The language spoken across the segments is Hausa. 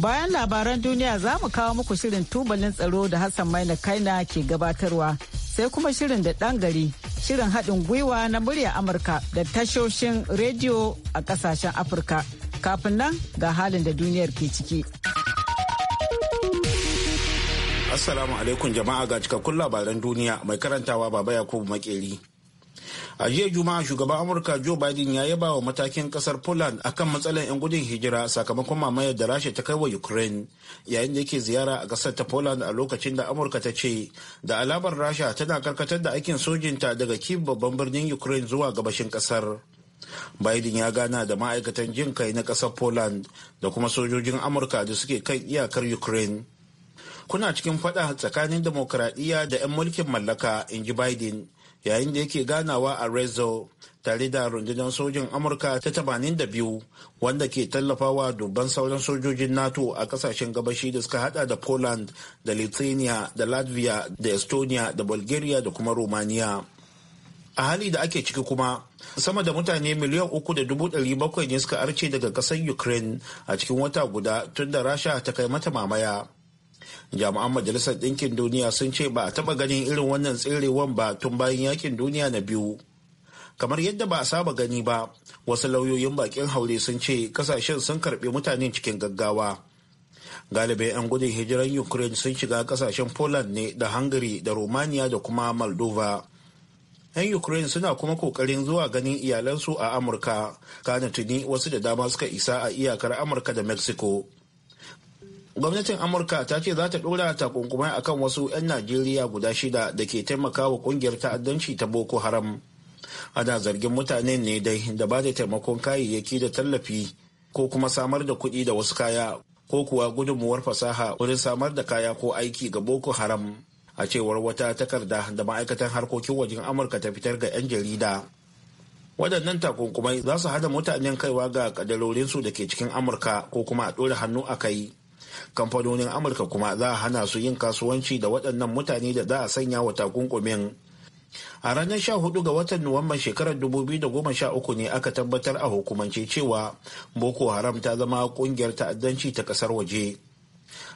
Bayan labaran duniya za mu kawo muku shirin tubalin tsaro da Hassan Maina Kaina ke gabatarwa sai kuma shirin da ɗan gari shirin haɗin gwiwa na murya Amurka da tashoshin rediyo a ƙasashen Afirka. Kafin nan ga halin da duniyar ke ciki. Assalamu alaikum jama'a ga cikakkun labaran duniya mai karantawa Baba Yakubu Makeri. a jiya juma'a shugaban amurka joe biden ya yaba wa matakin kasar poland akan matsalar 'yan gudun hijira sakamakon mamayar da rasha ta kai wa ukraine yayin da yake ziyara a kasar ta poland a lokacin da amurka ta ce da alamar rasha tana karkatar da aikin sojinta daga kiev babban birnin ukraine zuwa gabashin kasar biden ya gana da ma'aikatan jin kai na kasar poland da kuma sojojin amurka da suke kan iyakar ukraine kuna cikin fada tsakanin demokradiyya da 'yan mulkin mallaka in ji biden yayin da yake ganawa a rezo tare da rundunar sojin amurka ta 82 wanda ke tallafawa dubban sauran sojojin nato a kasashen gabashi da suka hada da poland da lithuania da latvia da estonia da bulgaria da kuma romania a hali da ake ciki kuma sama da mutane miliyan uku da dubu ɗari bakwai ne suka arce daga ƙasar ukraine a cikin wata guda tun da rasha ta kai mata mamaya jami'an majalisar ɗinkin duniya sun ce ba a taɓa ganin irin wannan tserewan ba tun bayan yakin duniya na biyu kamar yadda ba a saba gani ba wasu lauyoyin bakin haure sun ce kasashen sun karɓi mutane cikin gaggawa galibai 'yan gudun hijiran ukraine sun shiga kasashen poland ne da hungary da romania da kuma moldova 'yan ukraine suna kuma kokarin zuwa ganin iyalansu a amurka kana tuni wasu da dama suka isa a iyakar amurka da mexico gwamnatin amurka ta ce za ta dora takunkumai akan wasu 'yan najeriya guda shida da ke taimakawa kungiyar ta'addanci ta boko haram ana zargin mutane ne dai da ba da taimakon kayayyaki da tallafi ko kuma samar da kuɗi da wasu kaya ko kuwa gudunmuwar fasaha wurin samar da kaya ko aiki ga boko haram a cewar wata takarda da ma'aikatan harkokin wajen amurka ta fitar ga 'yan jarida waɗannan takunkumai za su hada mutanen kaiwa ga kadarorinsu da ke cikin amurka ko kuma a ɗora hannu a kai kamfanonin amurka kuma za a hana su yin kasuwanci da waɗannan mutane da za a sanya wa takunkumin a ranar 14 ga watan nuwamban shekarar 2013 ne aka tabbatar a hukumance cewa boko haram ta zama ƙungiyar ta'addanci ta ƙasar waje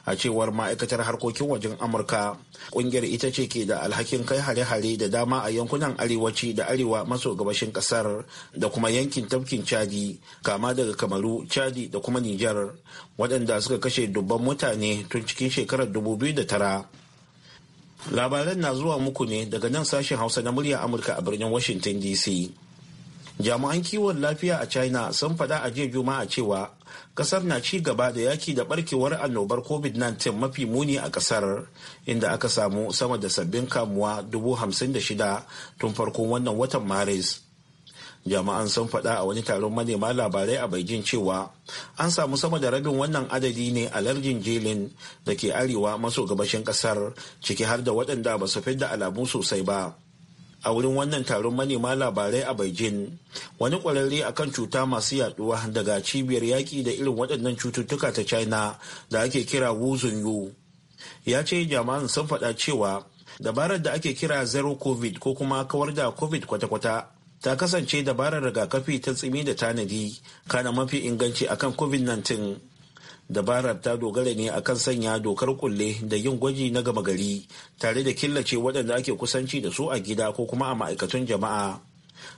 a cewar ma'aikatar harkokin wajen amurka kungiyar ita ce ke da alhakin kai hare-hare da dama a yankunan arewaci da arewa maso gabashin kasar da kuma yankin tafkin chadi kama daga kamaru chadi da kuma nijar waɗanda suka kashe dubban mutane tun cikin shekarar dubu biyu da tara. labaran na zuwa muku ne daga nan sashen hausa na murya amurka a birnin washington dc jami'an kiwon lafiya a china sun faɗa a jiya juma'a cewa kasar na ci gaba da yaki da barkewar annobar covid-19 mafi muni a kasar inda aka samu sama da sabbin kamuwa shida tun farkon wannan watan maris jama'an sun faɗa a wani taron manema labarai a beijing cewa an samu sama da rabin wannan adadi ne a lardin jilin da ke arewa maso gabashin kasar ciki har da waɗanda ba su da alamu sosai ba a wurin wannan taron manema labarai a beijing wani kwararre kan cuta masu yaduwa daga cibiyar yaƙi da irin waɗannan cututtuka ta china da ake kira wuzun yu ya ce jama'an sun faɗa cewa dabarar da ake kira zero covid ko kuma kawar da covid kwata-kwata ta kasance dabarar rigakafi ta tsimi da tanadi kana mafi inganci akan covid-19 dabarar ta dogara ne a kan sanya dokar kulle da yin gwaji na gama gari tare da killace waɗanda ake kusanci da su a gida ko kuma a ma'aikatun jama'a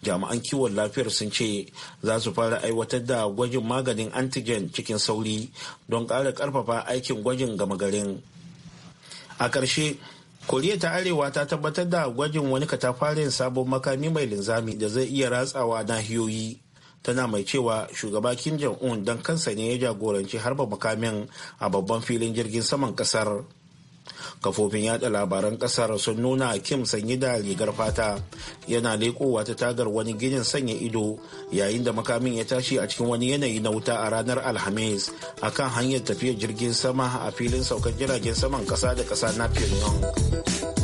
jami'an kiwon lafiyar sun ce za su fara aiwatar da gwajin maganin antigen cikin sauri don ƙara ƙarfafa aikin gwajin gama garin a ƙarshe koriya ta arewa ta tabbatar da gwajin wani katafarin sabon makami mai linzami da zai iya ratsawa nahiyoyi tana mai cewa shugaba kim jong-un don kansa ne ya jagoranci harba makamin a babban filin jirgin saman kasar kafofin yada labaran kasar sun nuna kim sanyi da rigar fata yana lekowa ta tagar wani ginin sanya ido yayin da makamin ya tashi a cikin wani yanayi na wuta a ranar alhamis a kan hanyar tafiyar jirgin sama a filin saukar jiragen saman ƙasa da ƙasa na pyongyang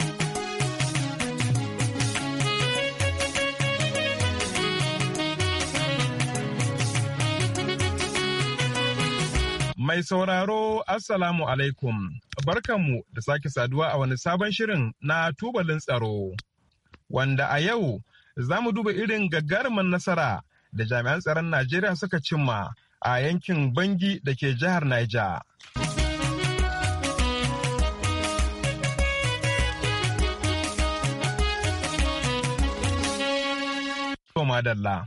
Mai sauraro Assalamu alaikum. Barkanmu da sake saduwa a wani sabon shirin na tubalin tsaro. Wanda a yau za mu duba irin gagarumin nasara da jami'an tsaron Najeriya suka cimma a yankin Bangi da ke jihar Niger. Madalla.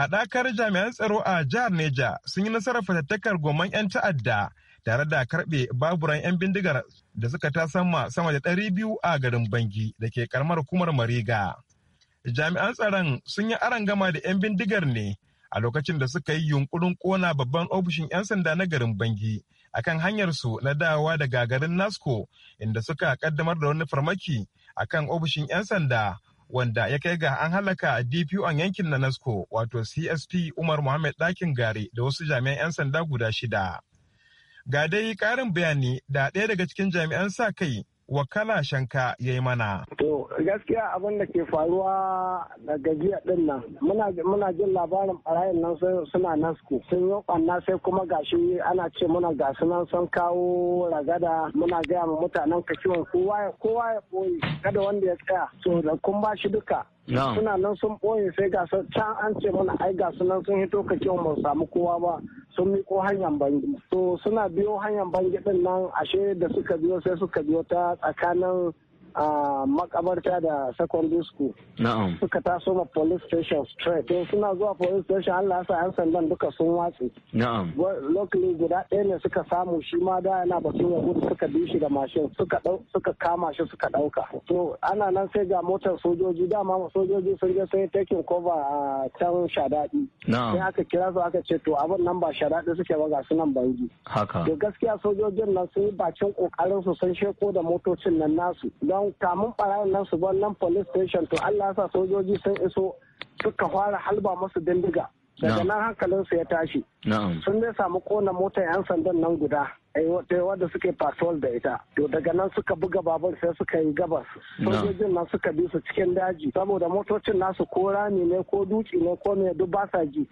haɗakar jami'an tsaro a jihar neja sun yi nasarar fatattakar goman 'yan ta'adda tare da karɓe baburan 'yan bindigar da suka ta sama sama da ɗari biyu a garin bangi da ke karamar hukumar mariga jami'an tsaron sun yi gama da 'yan bindigar ne a lokacin da suka yi yunkurin kona babban ofishin 'yan sanda na garin bangi akan hanyarsu na dawowa daga garin nasco inda suka kaddamar da wani farmaki akan ofishin 'yan sanda wanda ya kai ga an halaka an yankin na NASCO wato CSP Umar Muhammad Dakin Gare da wasu jami'an 'yan sanda guda shida. Ga dai karin bayani da ɗaya daga cikin jami'an sa kai wakala shanka ya yi mana. To gaskiya abin da ke faruwa da gajiya din nan muna jin labarin barayin nan suna nasku sun yi kwanna sai kuma gashi ana ce muna gasu nan sun kawo ragada muna gaya ma mutanen ka kowa ya kowa ya ɓoye kada wanda ya tsaya to da kun ba shi duka suna nan sun ɓoye sai ga can an ce mana ai ga nan sun hito ka kyau mu samu kowa ba sun miko hanyar bangi to suna biyo hanyar bangi din nan ashe da suka biyo sai suka biyo ta tsakanin a makabarta da secondary school suka taso ma police station straight don suna zuwa police station allah sa yan sandan duka sun watse locally guda ɗaya ne suka samu shi ma da yana batun ya gudu suka bi shi da mashin suka kama shi suka ɗauka to ana nan sai ga motar sojoji dama sojoji sun je sun yi taking cover a can shadadi sai aka kira su aka ce to abin nan ba shadaɗi suke ba ga su nan Haka. to gaskiya sojojin nan sun yi bacin kokarin su sun sheko da motocin nan nasu don nan kamun barayin nan su bar nan police station to Allah sa sojoji sun iso suka fara halba masu bindiga daga nan hankalin su ya tashi sun dai samu kona motar yan sandan nan guda eh, wadda suke patrol da ita to daga nan suka buga babur sai suka yi gabas sojojin nan suka bi su cikin daji saboda motocin nasu ko rami ne ko duki ne ko ne duk ba sa ji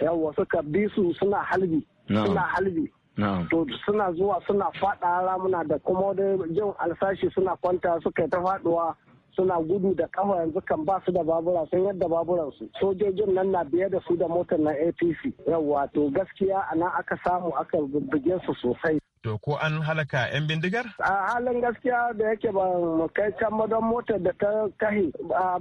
yawwa suka bi su suna halbi to suna zuwa suna fada ramuna da kuma da jin alsashi suna kwanta suka ta faduwa suna gudu da kafa yanzu kan ba su da babura sun yadda baburan su sojojin nan na biye da su da motar na APC yawa to gaskiya ana aka samu aka bugbuge su sosai To ko an halaka 'yan bindigar? A halin gaskiya da yake ban kai can madon motar da ta kahi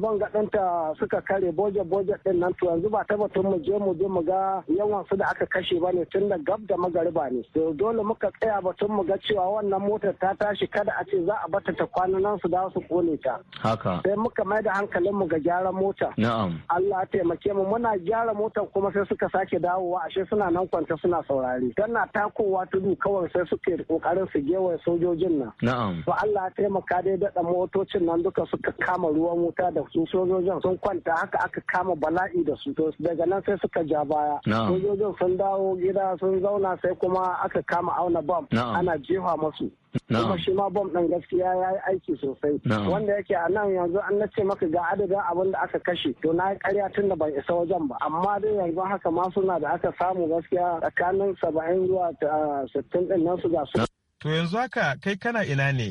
ban gaɗinta suka kare boje-boje ɗin nan to yanzu ba ta batun mu je mu je mu ga yawan su da aka kashe ba ne tun da gab da magariba ne. To dole muka tsaya batun mu ga cewa wannan motar ta tashi kada a ce za a bata ta kwana nan su dawo su kone ta. Haka. Sai muka mai da hankalin mu ga gyaran mota. Na'am. Allah ya taimake mu muna gyara motar kuma sai suka sake dawowa ashe suna nan kwanta suna saurare. Tana takowa tudu kawai sai suke kokarin su gewa sojojin nan na'am Allah ya taimaka dai daɗa motocin nan duka suka kama ruwan wuta da su sojojin sun kwanta haka aka kama bala'i da su to daga nan sai suka ja baya sojojin sun dawo gida sun zauna sai kuma aka kama auna bam ana jefa masu kuma shi ma bom ɗin gaskiya ya yi aiki sosai wanda yake a nan yanzu an na ce maka ga adadin abin da aka kashe to na yi karya tun da ban isa wajen ba amma dai yanzu haka ma suna da aka samu gaskiya tsakanin saba'in zuwa ah, sittin ɗin nan su ga su. to yanzu haka kai kana ina ne.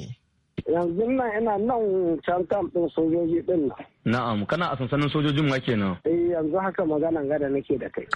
yanzu nan ina nan can kan ɗin sojoji ɗin. na'am kana a sansanin sojojin ma kenan. eh yanzu haka maganan gada nake da kai.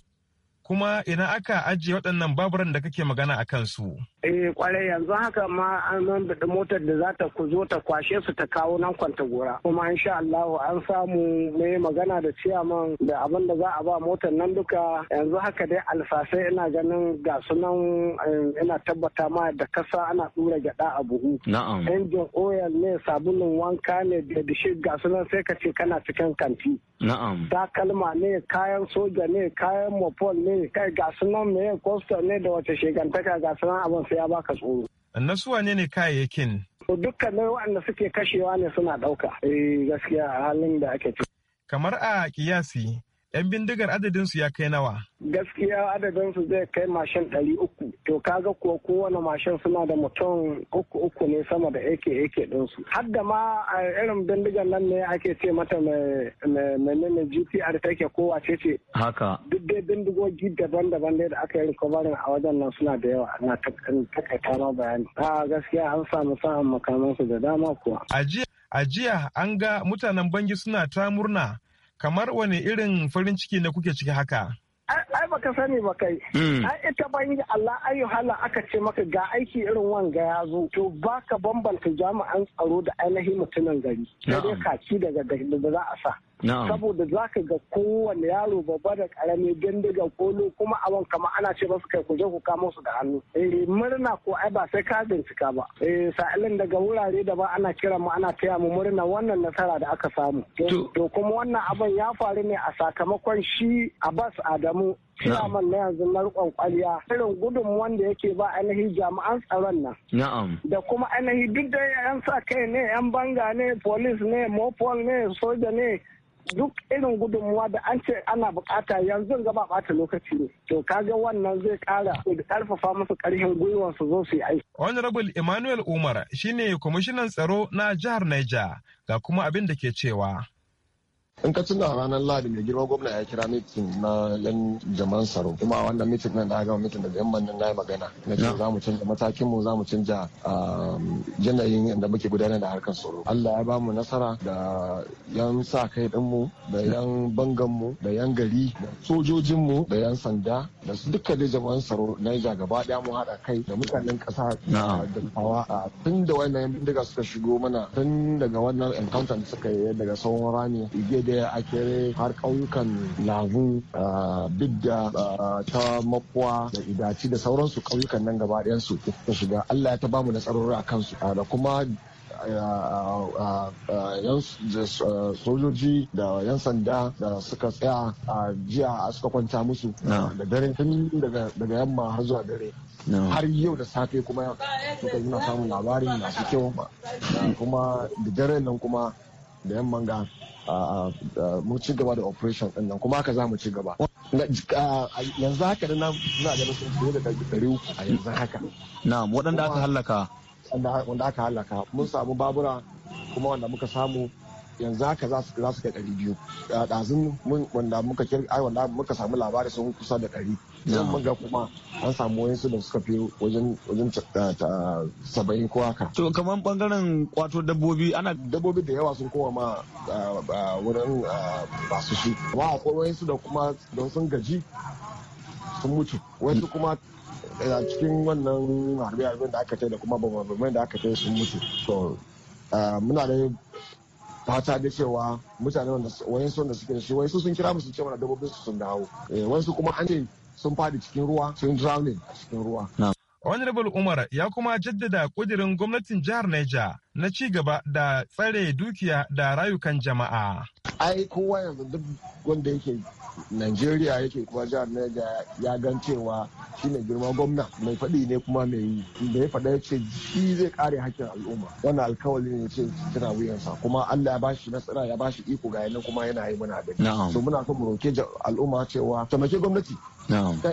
kuma ina aka ajiye waɗannan baburan da kake magana a kansu. Eh kwarai yanzu haka ma an nan biɗi motar da za ta zo ta kwashe su ta kawo nan kwanta gora. Kuma in sha Allah an samu mai magana da ciyaman da abin da za a ba motar nan duka yanzu haka dai alfasai ina ganin ga su nan eh, ina tabbata ma da kasa ana ɗura gyaɗa a buhu. Na'am. Injin oil ne sabulun wanka ne da dishi ga su nan sai ka ce kana cikin kanti. Na'am. Takalma ne kayan soja ne kayan mopol ne Kai, kai ga sunan yin kwastar ne da wace shekantaka ga sunan abin sai ya baka tsoro. Nasu wane ne kayayyakin? Dukkanin waɗanda suke kashewa ne suna ɗauka. Eh gaskiya halin da ake ciki. Kamar a kiyasi 'yan bindigar adadinsu ya kai nawa. Gaskiya adadinsu zai kai mashin ɗari uku. To kaga kuwa kowane mashin suna da mutum uku uku ne sama da ake ake ɗinsu. Har da ma a irin bindigar nan ne ake ce mata menene GPR take ko ce. Haka. Duk dai bindigogi daban-daban dai da aka yi rikobarin a wajen nan suna da yawa na takaita ma bayani. A gaskiya an samu sa'an makamansu da dama kuwa. A jiya an ga mutanen bangi suna ta murna kamar wani irin farin ciki na kuke ciki haka ai baka sani ba kai hmm. ai ita ban Allah ayu hala aka ce maka ga aiki irin wanga ya zo to baka bambanta jami'an tsaro da ainihin mutumin gari Ya dai kaci daga da za a sa saboda za ka ga kowane yaro babba da karami gandiga kolo kuma abin kama ana ce ba su kai kuje ku kama su da hannu eh, murna ko ai ba sai ka bincika ba eh, sa'ilin daga wurare da ba ana kira mu ana taya mu murna wannan nasara da aka samu eh, to kuma wannan abin ya faru ne a sakamakon shi abbas adamu Kiraman na yanzu na rikon kwaliya irin gudun wanda yake ba ainihin jami'an tsaron nan. Na'am. Da kuma ainihin duk da yan sa kai ne yan banga ne polis ne mopol ne soja ne duk irin gudunmuwa da an ce ana bukata yanzu gaba bata lokaci ne to kaga wannan zai kara karfafa musu karfin gwiwa su zo su yi aiki. honorable emmanuel umar shine kwamishinan tsaro na jihar niger ga kuma abin da ke cewa in ka tuna ranar Ladi mai girma gwamna ya kira mitin na yan jaman tsaro kuma wannan mitin nan da gama mitin daga yan nan na yi magana na ce za mu canza matakin mu za mu canja um, yanayin da muke gudanar da harkar tsaro Allah ya bamu nasara da yan sa kai dinmu da yan bangan mu da yan gari da sojojin mu da yan sanda da su duka da saro na Niger gaba daya mu hada kai da mutanen kasa da kawa tun da wannan bindiga suka shigo mana tun daga wannan encounter da suka yi daga sauran rani da a kere har ƙauyukan labu bidda ta makuwa da idaci da sauransu ƙauyukan nan gaba ɗayan su ta shiga allah ya ta bamu tsarorin a kansu da kuma sojoji da 'yan sanda da suka tsaya a jiya suka kwanta musu da dare tun daga yamma har zuwa dare har yau da safe kuma suka yi samun labarin masu kyau kuma da dare nan kuma da yamman ga mu ci gaba da operation din nan kuma haka za mu ci gaba yanzu haka da na ganin sun fiye da ɗari a yanzu haka na waɗanda aka hallaka wanda aka hallaka mun samu babura kuma wanda muka samu yanzu haka za su kai ɗari biyu ɗazun wanda muka ai wanda muka samu labari sun kusa da ɗari mun ga kuma an samu su da suka fi wajen wajen eh, saba'in ko haka. to kamar bangaren kwato dabbobi ana dabbobi da yawa sun kowa ma eh, eh, wurin masu shi a kowai su da kuma don sun gaji sun mutu wasu kuma a cikin wannan harbe harbe da aka ce da kuma bambamai da aka ce sun mutu to muna da fata da cewa mutane wayan sun da suke da shi wayan sun kira musu cewa na dabbobin su sun dawo eh, wayan kuma an sun fadi cikin ruwa sun drowning a cikin ruwa Honorable Umar ya kuma jaddada kudirin gwamnatin jihar Neja na ci gaba da tsare dukiya da rayukan jama'a. Ai kowa yanzu duk wanda yake Najeriya yake kuma jihar Niger ya gan cewa shine girma gwamna mai faɗi ne kuma mai da ya faɗa ce shi zai kare hakkin al'umma wannan alkawali ne ce tana wuyansa kuma Allah ya bashi nasara ya bashi iko ga yanan kuma yana yi muna da so muna son mu roke al'umma cewa tamake gwamnati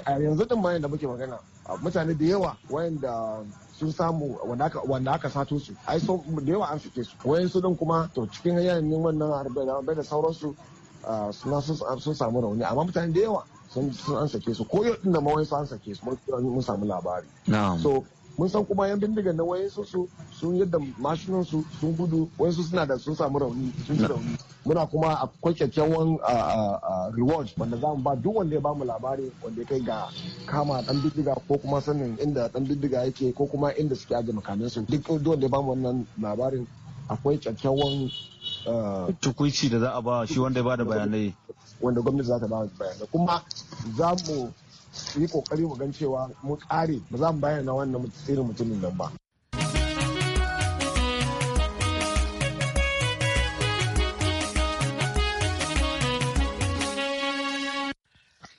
a yanzu din ma da muke magana mutane da yawa wayanda sun samu wanda aka sato su ai da yawa an suke su wayan su din kuma to cikin yanayin wannan harbe da sauransu Ah, sun samu rauni amma mutane da yawa sun an sake su ko yau da mawai sun sake su mun samu labari so mun san kuma yan bindiga na wayansu su sun yadda mashinan su sun gudu wayansu suna da sun samu rauni sun ji rauni muna kuma akwai kyakkyawan ah, ah, reward wanda za mu ba duk wanda ya ba mu labari wanda ya kai ga kama dan bindiga ko kuma sanin inda dan bindiga yake ko kuma inda suke ajiye makamin su duk wanda ya ba mu wannan labarin akwai kyakkyawan tukuici da za a ba shi wanda ya bada bayanai wanda gwamnati za ta ba bayanai kuma za mu yi kokari mu gan cewa mu kare ba za mu bayyana wannan irin mutumin nan ba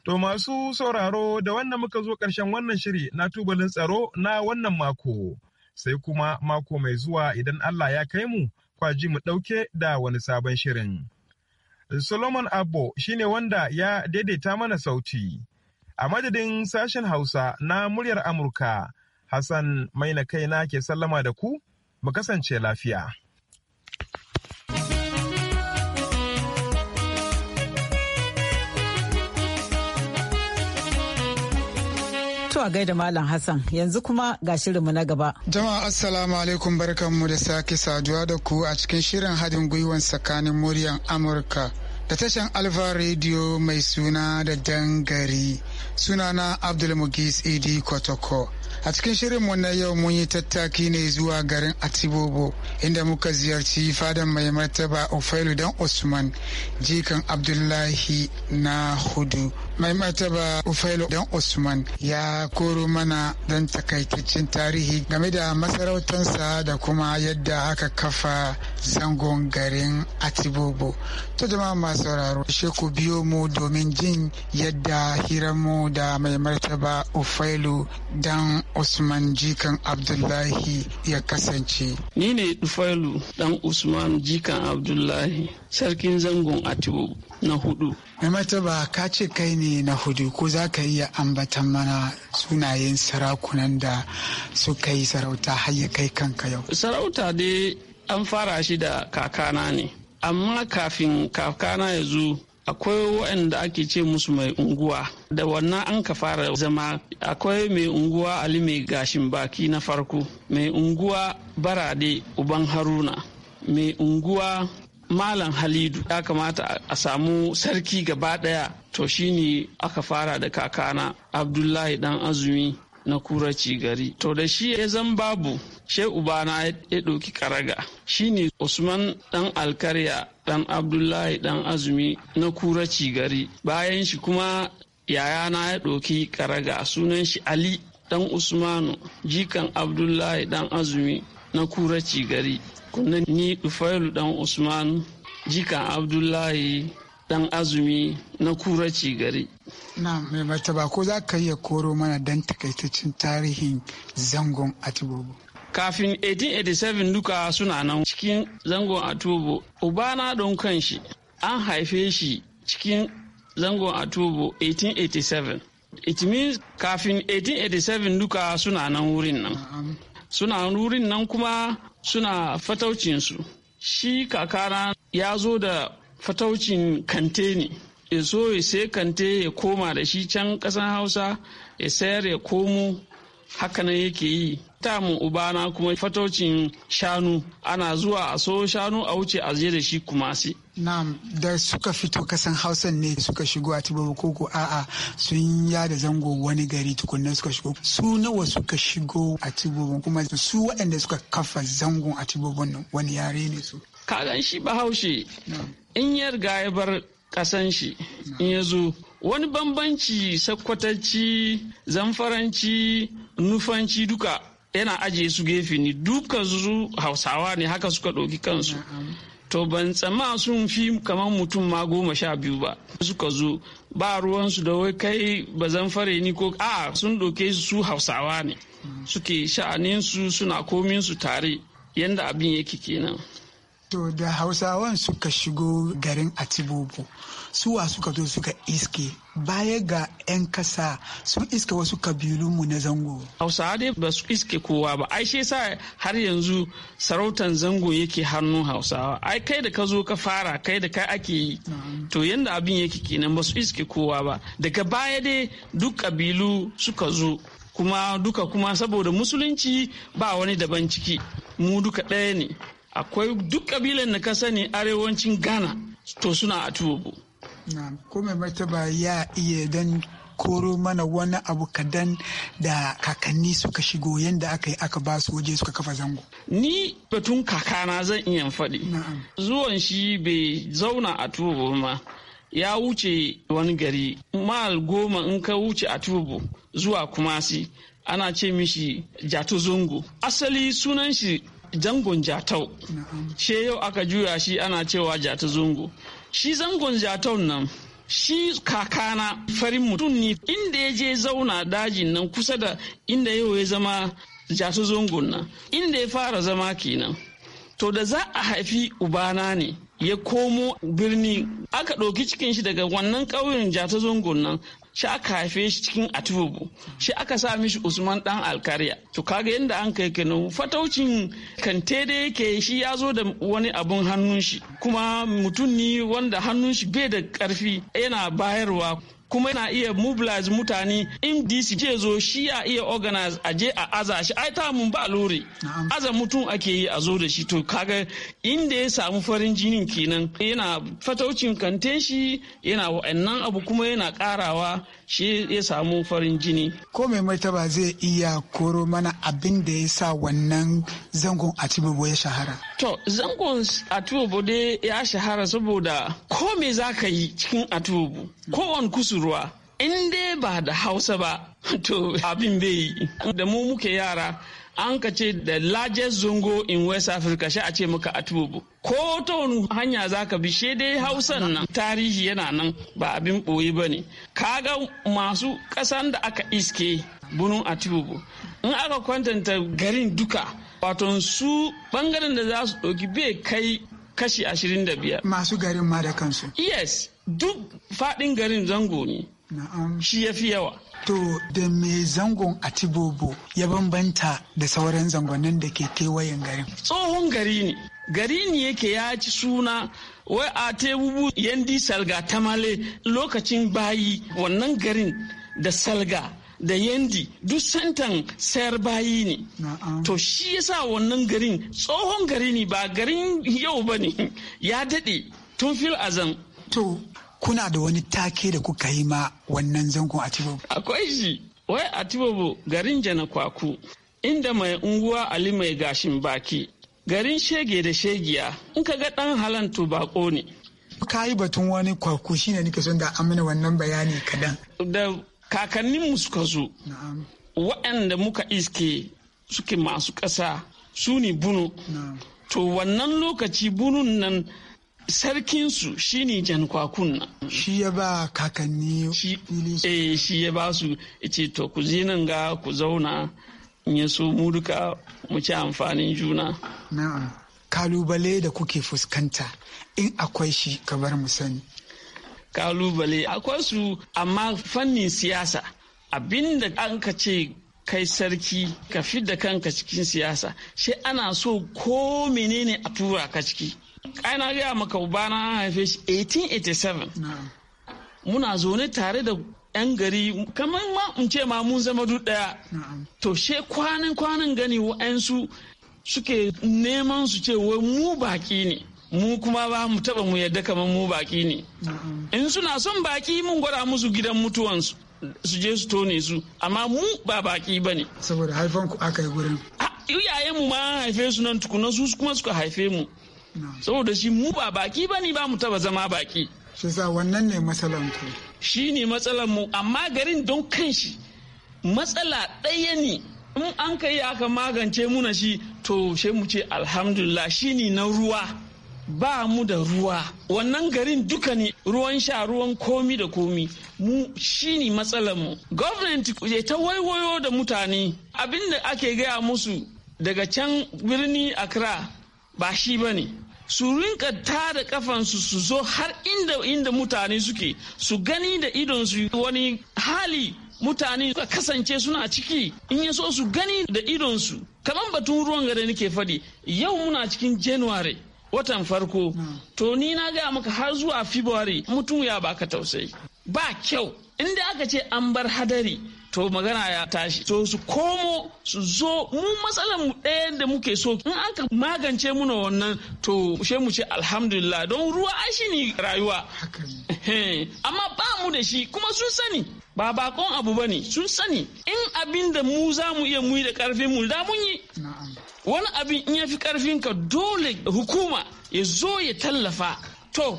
To masu sauraro da wannan muka zo ƙarshen wannan shiri na tubalin tsaro na wannan mako, sai kuma mako mai zuwa idan Allah ya kai mu kwaji mu ɗauke da wani sabon shirin. Solomon Abbo shine wanda ya daidaita mana sauti. A madadin sashen Hausa na muryar Amurka, Hassan maina kaina ke sallama da ku, mu kasance lafiya. To a gaida Malam Hassan yanzu kuma ga shirinmu na gaba. Jama'a Assalamu alaikum barkanmu da sake saduwa da ku a cikin shirin haɗin gwiwan tsakanin muryan Amurka da tashan Alfa Radio mai suna da dangari sunana Abdul Mugis Idi Kotoko. a cikin shirin na yau mun yi tattaki ne zuwa garin atibobo inda muka ziyarci fadan mai martaba ofailu dan usman jikan abdullahi na hudu mai martaba ofailu dan usman ya koro mana don takaitaccen tarihi game da masarautansa da kuma yadda aka kafa zangon garin atibobo to jama masu sauraro sheku biyo mu domin jin yadda hiranmu da mai martaba ofailu dan dan Usman Jikan Abdullahi ya kasance. Ni ne Dufailu dan Usman Jikan Abdullahi sarkin zangon Atibu na hudu. Mai mataba ka ce kai ne na hudu ko za ka iya ambatan mana sunayen sarakunan da suka yi sarauta har ya kai kanka yau. Sarauta dai an fara shi da kakana ne, amma kafin kakana ya zo akwai waɗanda ake ce musu mai unguwa da wannan an ka fara zama akwai mai unguwa ali mai gashin baki na farko mai unguwa barade uban haruna mai unguwa malam halidu ya kamata a samu sarki gaba ɗaya to shine aka fara da kakana abdullahi dan azumi na kura cigari to da shi ya zan babu shai ubana ya ɗauki karaga shi ne usman dan alkarya dan abdullahi dan azumi na kura cigari bayan shi kuma yayana ya ɗauki karaga sunan shi ali dan usmanu jikan abdullahi dan azumi na kura cigari Kuna ni dufailu dan usmanu jikan abdullahi dan azumi na kura cigari na mai martaba ko za ka iya koro mana dan takaitaccen tarihin zangon a kafin 1887 duka suna nan cikin zangon tobo ubana don kanshi an haife shi cikin zangon tobo 1887 it means kafin 1887 duka suna nan wurin nan suna wurin nan kuma suna fataucinsu shi kakana ya zo da fataucin kante ne ya so ya sai kante ya koma da shi can ƙasan hausa ya sayar ya komo haka nan yake yi mu ubana kuma fatocin shanu ana zuwa a so shanu a wuce a je da shi si Na'am da suka fito kasan Hausan ne suka shigo a Tibabu koko a'a sun ya da zango wani gari tukunna suka shigo. Su nawa suka shigo a Tibabu kuma su waɗanda suka kafa zangon a Tibabu wani yare ne su. Kagan shi bahaushe in yar riga bar Kasan shi in ya zo wani bambanci sakwatacci zamfaranci nufanci duka yana ajiye su gefe ni duka zuzu hausawa ne haka suka ɗauki kansu to ban tsama sun fi kamar mutum ma goma sha biyu ba suka zo ba ruwansu da wai kai ba zamfare ni ko a sun ɗauke su hausawa ne mm. suke sha'aninsu suna kominsu tare yadda abin yake kenan to da hausawan suka shigo garin atibubu suwa suka zo suka iske baya ga 'yan kasa sun iska wasu mu na zango. Hausawa dai ba su iske kowa ba, ai shi sa har yanzu sarautan zango yake hannun Hausawa. Ai kai da ka zo ka fara kai da kai ake yi. To yadda abin yake kenan ba su iske kowa ba. Daga baya dai duk kabilu suka zo. Kuma duka kuma saboda musulunci ba wani daban ciki. Mu duka ɗaya ne. akwai duk kabilan da ka sani arewacin ghana to suna a tubu ko martaba ya iya don koro mana wani abu kadan da kakanni suka shigo yadda aka yi aka ba su waje suka kafa zango. Ni batun kakana zan iya faɗi. Zuwan shi bai zauna a tubo ma ya wuce wani gari mal goma in ka wuce a tubo zuwa kumasi ana ce mishi jato zungu asali sunan shi zangon jatau she yau aka juya shi ana cewa jata zungu shi zangon jatau nan shi kakana farin mutum ne inda ya je zauna dajin nan kusa da inda yau ya zama jata zungun nan inda ya fara zama kenan to da za a haifi ubana ne ya komo birni aka ɗauki cikin shi daga wannan ƙauyen jata zungun nan shi aka haife shi cikin atubu shi aka sa mishi usman dan alkariya to kaga yadda an kai kano fataucin kante da yake shi ya zo da wani abun hannun shi kuma mutum ne wanda hannun shi bai da karfi yana bayarwa kuma yana iya mobilize mutane in dc je zo shi ya iya organize a je a aza shi ai ta mun ba lori aza mutum ake yi a zo da shi to kaga inda ya samu farin jinin kenan yana fataucin kanten shi yana wa'annan abu kuma yana karawa shi ya samu farin jini ko mai martaba zai iya koro mana abin da ya sa wannan zangon atibobo ya shahara to zangon atibobo dai ya shahara saboda ko me za ka yi cikin atibobo kowane kusu su ruwa in dai ba da hausa ba to abin bai yi da mu muke yara an ka ce the largest zongo in west africa shi a ce maka atubu ko ta wani hanya za ka bi shi dai hausan nan tarihi yana nan ba abin ɓoye ba ne kaga masu ƙasan da aka iske bunun atubu in aka kwantanta garin duka wato su bangaren da za su ɗauki bai kai kashi ashirin da biyar. Masu garin ma da kansu. Yes, duk faɗin garin zango ne. Shi ya fi yawa. To da me zangon Atibobo ya bambanta da sauran zangonin da ke kewayen garin. Tsohon gari ne. Gari ne yake ya ci suna wai a tebubu yandi salga tamale lokacin bayi wannan garin da salga da yandi duk santan sayar bayi ne to shi yasa wannan garin tsohon gari ne ba garin yau ba ne ya daɗe tun fil azam to kuna da wani take da kuka yi ma wannan zangon a tibobo akwai shi wai a tibobo garin jana kwaku inda mai unguwa ali mai gashin baki garin shege da shegiya in ka ga ɗan halantu bako ne ka yi batun wani kwaku shine nika son da amina wannan bayani kadan da kakanninmu suka zo waɗanda muka iske suke masu ƙasa su ne bunu to wannan lokaci bunun nan sarkinsu shi ne nan shi ya ba kakanni shi eh, ya ba su ce to ku nan ga ku zauna ya so mu duka mu ci amfanin juna kalubale da kuke fuskanta in akwai shi ka bar mu sani kalubale akwai su amma fannin siyasa abinda an ka ce kai sarki ka fi da kanka cikin siyasa shi ana so ko menene a tura ka ciki ai gaya maka ubana haife shi 1887 muna zaune tare da 'yan gari kamar ma in ce ma mun zama duk daya to she kwanan kwanan gani wa'ansu suke neman su ce wai mu baki ne mu kuma ba mu taba mu yadda kamar mu baki ne mm-hmm. in suna son baki mun gwada musu gidan mutuwansu su je su tone su amma mu ba baki ba ne saboda haifan ku aka yi gurin iyayen mu ma haife su nan tukuna su kuma suka haife mu saboda shi mu ba baki ba ne ba mu taba zama baki shi sa wannan ne matsalan ku shi ne matsalan mu amma garin don kanshi matsala ɗaya ne in an kai aka magance muna shi to she mu ce alhamdulillah shi ne na ruwa ba mu da ruwa wannan garin duka ne ruwan sha ruwan komi da komi mu shine matsalar mu gwamnati ta waiwayo da mutane abinda ake gaya musu daga can birni a accra ba shi ba ne su rinka da kafansu su zo har inda inda mutane suke su gani da idonsu wani hali mutane suka kasance suna ciki in ya so su gani da idonsu kamar batun ruwan gare nake faɗi yau muna cikin january watan farko hmm. to ni na gaya maka har zuwa february mutum ya baka tausayi ba kyau inda aka ce an bar hadari to magana ya tashi to su komo su zo mu matsalar mu ɗaya da muke so in an ka magance muna wannan to she mu ce alhamdulillah don ruwa ai shi ne rayuwa eh, amma ba mu da shi kuma sun sani ba bakon abu ba ne sun sani in abin da mu za mu iya muyi da karfin mu da mun yi wani abin in ya fi karfin ka dole hukuma ya zo ya tallafa to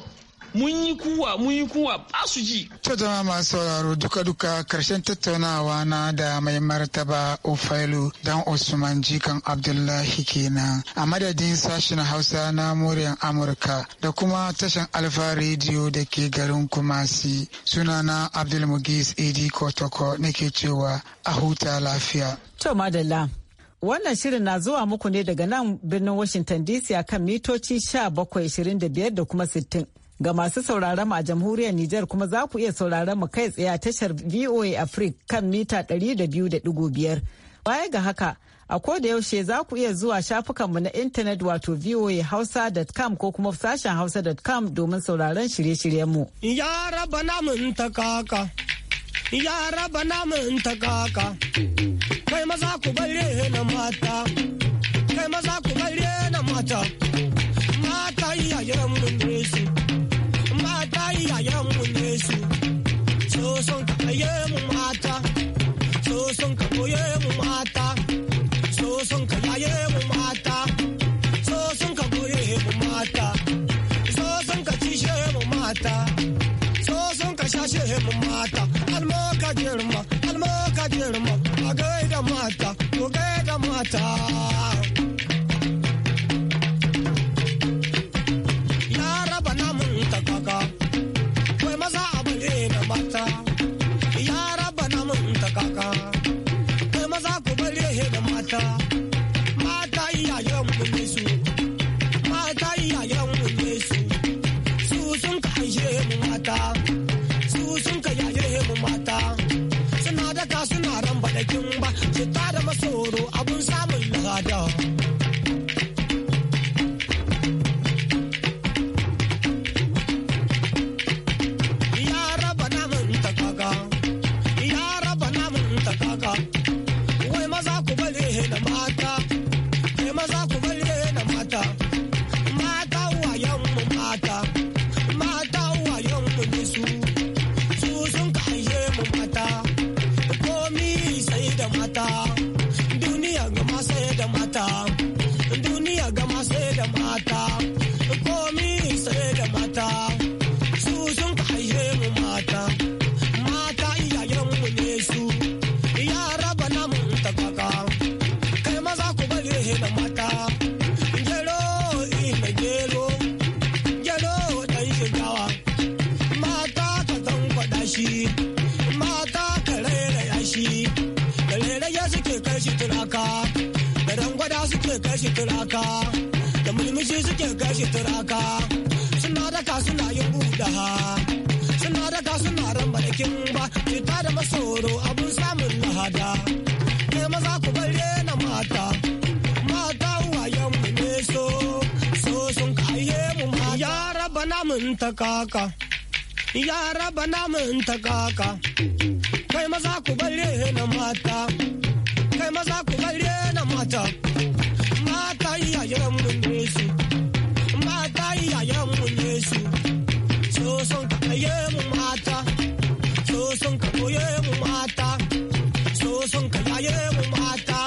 mun yi kuwa mun yi kuwa ba su ji. ta zama masu sauraro duka duka karshen tattaunawa na da mai martaba Ofailu dan Usman Jikan Abdullahi kenan a madadin sashen Hausa na muryar Amurka da kuma tashan Alfa rediyo da ke garin Kumasi sunana Abdulmugis ad Kotoko nake cewa a huta lafiya. To madalla. Wannan shirin na zuwa muku ne daga nan birnin Washington DC a kan mitoci 1725 da kuma 60. Ga masu sauraron a jamhuriyar Nijar kuma za ku iya sauraron mu kai tsaye a tashar VOA Africa kan mita 200.5. Baya ga haka, a koda yaushe za ku iya zuwa shafukanmu na intanet wato voahausa.com ko kuma sashen hausa.com domin sauraron shirye-shiryenmu. Ya raba namun ta kaka, ya raba namun ta kaka, kai maza ku bare na mata, kai maza ku bare na mata. son ka kaye mu mata so son ka koye mu mata so son ka yaye mu mata so son ka koye mu mata so son ka cishe mu mata so son ka shashe mu mata almo ka girma almo ka girma a gaida mata ko gaida mata da mata shi ka suna daka suna yin budaha suna daka suna ramba da kimba cuta da masoro abun samun lahada ke maza ku bare na mata mata uwayen mu ne so so sun kaiye mu mata ya raba mun ta kaka ya raba mun ta kaka kai maza ku bare na mata kai maza ku bare na mata mata iyayen mu ne soye mata so sun ka yaye mu mata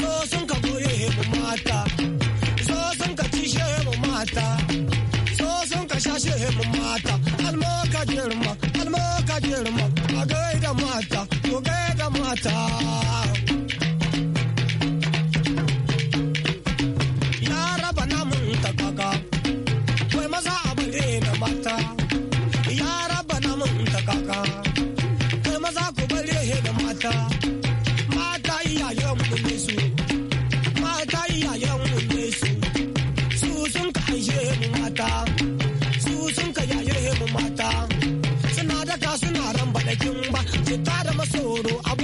so sun ka goye mu mata so sun ka cishe mu mata so sun ka shashe mu mata alma ka girma alma ka girma a gaida mata ko gaida mata mata su sun ka yayo mata suna daka suna ran baɗakin ba ce da masoro abu